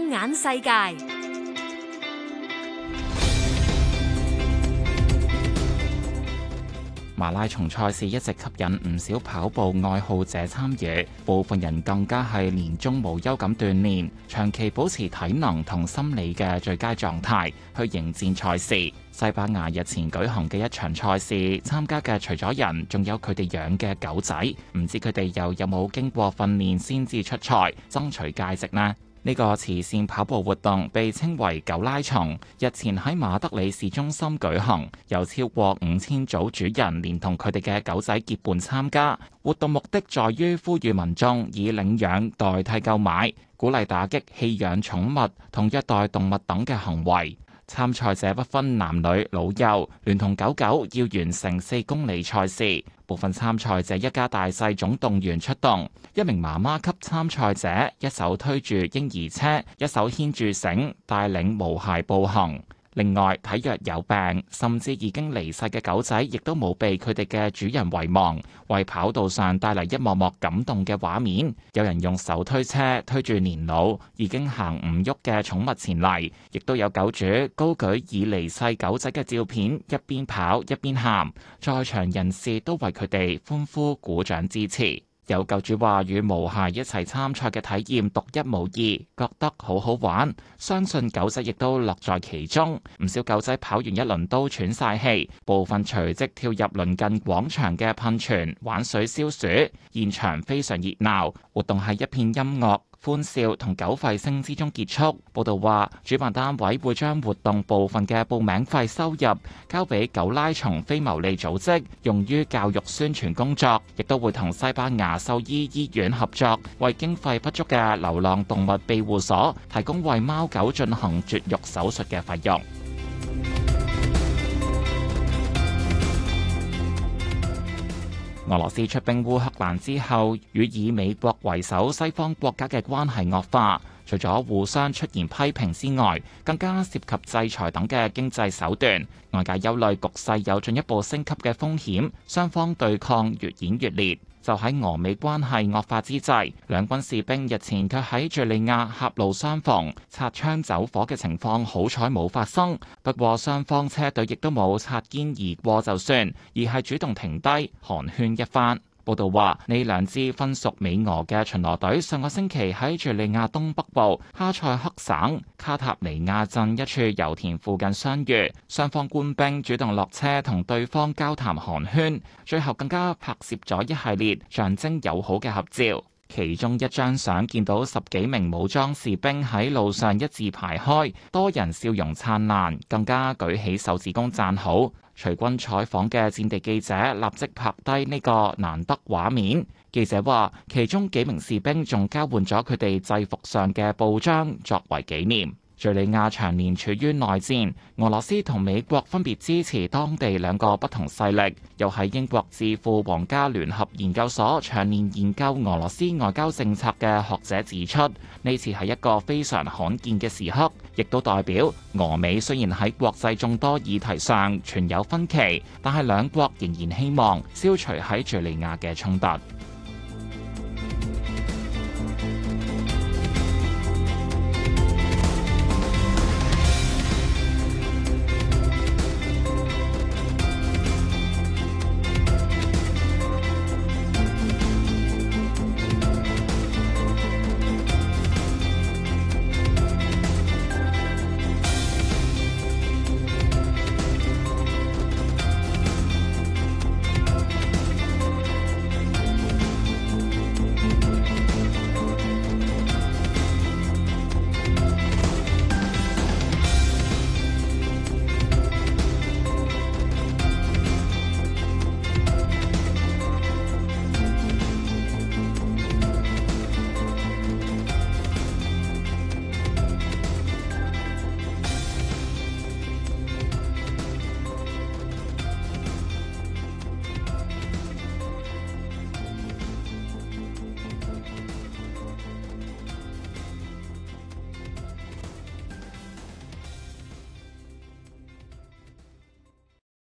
放眼世界，馬拉松賽事一直吸引唔少跑步愛好者參與。部分人更加係年終無休咁鍛煉，長期保持體能同心理嘅最佳狀態去迎戰賽事。西班牙日前舉行嘅一場賽事，參加嘅除咗人，仲有佢哋養嘅狗仔，唔知佢哋又有冇經過訓練先至出賽，爭取佳績呢？呢個慈善跑步活動被稱為狗拉松，日前喺馬德里市中心舉行，有超過五千組主人連同佢哋嘅狗仔結伴參加。活動目的在於呼籲民眾以領養代替購買，鼓勵打擊棄養寵物同虐待動物等嘅行為。參賽者不分男女老幼，聯同狗狗要完成四公里賽事。部分參賽者一家大細總動員出動，一名媽媽級參賽者一手推住嬰兒車，一手牽住繩，帶領毛孩步行。另外，體弱有病，甚至已經離世嘅狗仔，亦都冇被佢哋嘅主人遺忘，為跑道上帶嚟一幕幕感動嘅畫面。有人用手推車推住年老、已經行唔喐嘅寵物前嚟，亦都有狗主高舉已離世狗仔嘅照片，一邊跑一邊喊，在場人士都為佢哋歡呼、鼓掌支持。有狗主話：與毛孩一齊參賽嘅體驗獨一無二，覺得好好玩。相信狗仔亦都樂在其中。唔少狗仔跑完一輪都喘晒氣，部分隨即跳入鄰近廣場嘅噴泉玩水消暑，現場非常熱鬧，活動係一片音樂歡笑同狗吠聲之中結束。報道話，主辦單位會將活動部分嘅報名費收入交畀狗拉松非牟利組織，用於教育宣傳工作，亦都會同西班牙獸醫醫院合作，為經費不足嘅流浪動物庇護所提供為貓狗進行絕育手術嘅費用。俄羅斯出兵烏克蘭之後，與以美國為首西方國家嘅關係惡化，除咗互相出現批評之外，更加涉及制裁等嘅經濟手段。外界憂慮局勢有進一步升級嘅風險，雙方對抗越演越烈。就喺俄美關係惡化之際，兩軍士兵日前卻喺敘利亞狹路相逢，擦槍走火嘅情況好彩冇發生。不過雙方車隊亦都冇擦肩而過就算，而係主動停低寒暄一番。報道話，呢兩支分屬美俄嘅巡邏隊上個星期喺敘利亞東北部哈塞克省卡塔尼亞鎮一處油田附近相遇，雙方官兵主動落車同對方交談寒暄，最後更加拍攝咗一系列象徵友好嘅合照。其中一張相見到十幾名武裝士兵喺路上一字排開，多人笑容燦爛，更加舉起手指公讚好。隨軍採訪嘅戰地記者立即拍低呢個難得畫面。記者話：其中幾名士兵仲交換咗佢哋制服上嘅布章作為紀念。敘利亞長年處於內戰，俄羅斯同美國分別支持當地兩個不同勢力。又喺英國智庫皇家聯合研究所長年研究俄羅斯外交政策嘅學者指出，呢次係一個非常罕見嘅時刻，亦都代表俄美雖然喺國際眾多議題上存有分歧，但係兩國仍然希望消除喺敘利亞嘅衝突。